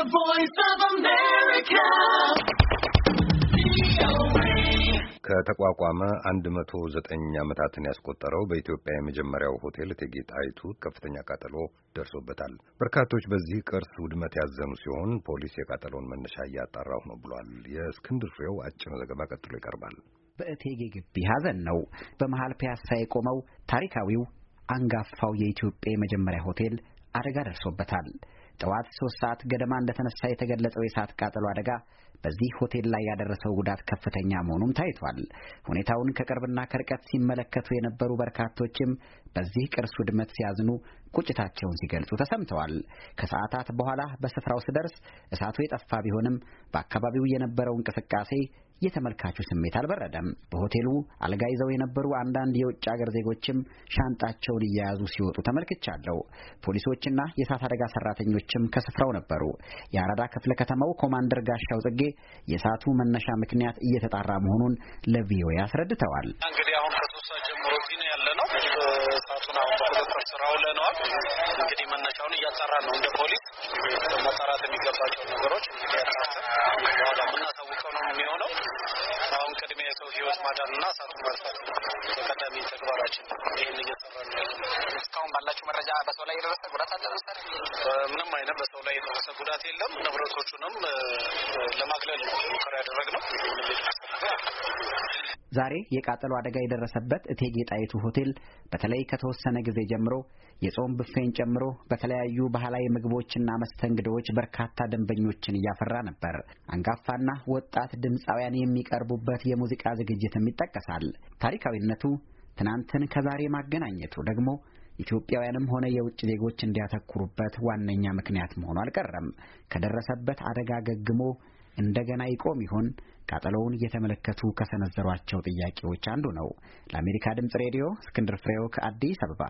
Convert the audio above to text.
The Voice of America. ከተቋቋመ 109 ዓመታትን ያስቆጠረው በኢትዮጵያ የመጀመሪያው ሆቴል እቴጌ ጣይቱ ከፍተኛ ቃጠሎ ደርሶበታል። በርካቶች በዚህ ቅርስ ውድመት ያዘኑ ሲሆን ፖሊስ የቃጠሎውን መነሻ እያጣራሁ ነው ብሏል። የእስክንድር ፍሬው አጭር ዘገባ ቀጥሎ ይቀርባል። በእቴጌ ግቢ ሐዘን ነው። በመሃል ፒያሳ የቆመው ታሪካዊው አንጋፋው የኢትዮጵያ የመጀመሪያ ሆቴል አደጋ ደርሶበታል። ጠዋት ሶስት ሰዓት ገደማ እንደተነሳ የተገለጸው የእሳት ቃጠሎ አደጋ በዚህ ሆቴል ላይ ያደረሰው ጉዳት ከፍተኛ መሆኑም ታይቷል። ሁኔታውን ከቅርብና ከርቀት ሲመለከቱ የነበሩ በርካቶችም በዚህ ቅርስ ውድመት ሲያዝኑ ቁጭታቸውን ሲገልጹ ተሰምተዋል። ከሰዓታት በኋላ በስፍራው ስደርስ እሳቱ የጠፋ ቢሆንም በአካባቢው የነበረው እንቅስቃሴ የተመልካቹ ስሜት አልበረደም። በሆቴሉ አልጋ ይዘው የነበሩ አንዳንድ የውጭ አገር ዜጎችም ሻንጣቸውን እየያዙ ሲወጡ ተመልክቻለሁ። ፖሊሶችና የእሳት አደጋ ሰራተኞችም ከስፍራው ነበሩ። የአራዳ ክፍለ ከተማው ኮማንደር ጋሻው ጽጌ የእሳቱ መነሻ ምክንያት እየተጣራ መሆኑን ለቪኦኤ አስረድተዋል። እንግዲህ አሁን ከሶስት ጀምሮ ነው ያለ ነው። እሳቱን አሁን ስራ ውለነዋል። እንግዲህ መነሻውን እያጣራ ነው። እንደ ፖሊስ መጠራት የሚገባቸው ነገሮች በኋላ የምናሳውቀው ነው የሚሆነው። አሁን ቅድሚያ የሰው ህይወት ማዳንና እሳቱን ማጥፋት ተቀዳሚ ተግባራችን፣ ይህን እየሰራ ነው። እስካሁን ባላችሁ መረጃ በሰው ላይ የደረሰ ጉዳት አለ? ምንም አይነት በሰው ላይ የደረሰ ጉዳት የለም። ንብረቶቹንም ለማግለል ነው ሙከራ ያደረግነው። ዛሬ የቃጠሎ አደጋ የደረሰበት እቴጌ ጣይቱ ሆቴል በተለይ ከተወሰነ ጊዜ ጀምሮ የጾም ብፌን ጨምሮ በተለያዩ ባህላዊ ምግቦችና መስተንግዶዎች በርካታ ደንበኞችን እያፈራ ነበር። አንጋፋና ወጣት ድምፃውያን የሚቀርቡበት የሙዚቃ ዝግጅትም ይጠቀሳል። ታሪካዊነቱ ትናንትን ከዛሬ ማገናኘቱ ደግሞ ኢትዮጵያውያንም ሆነ የውጭ ዜጎች እንዲያተኩሩበት ዋነኛ ምክንያት መሆኑ አልቀረም። ከደረሰበት አደጋ ገግሞ እንደገና ይቆም ይሆን? ቃጠሎውን እየተመለከቱ ከሰነዘሯቸው ጥያቄዎች አንዱ ነው። ለአሜሪካ ድምፅ ሬዲዮ እስክንድር ፍሬው ከአዲስ አበባ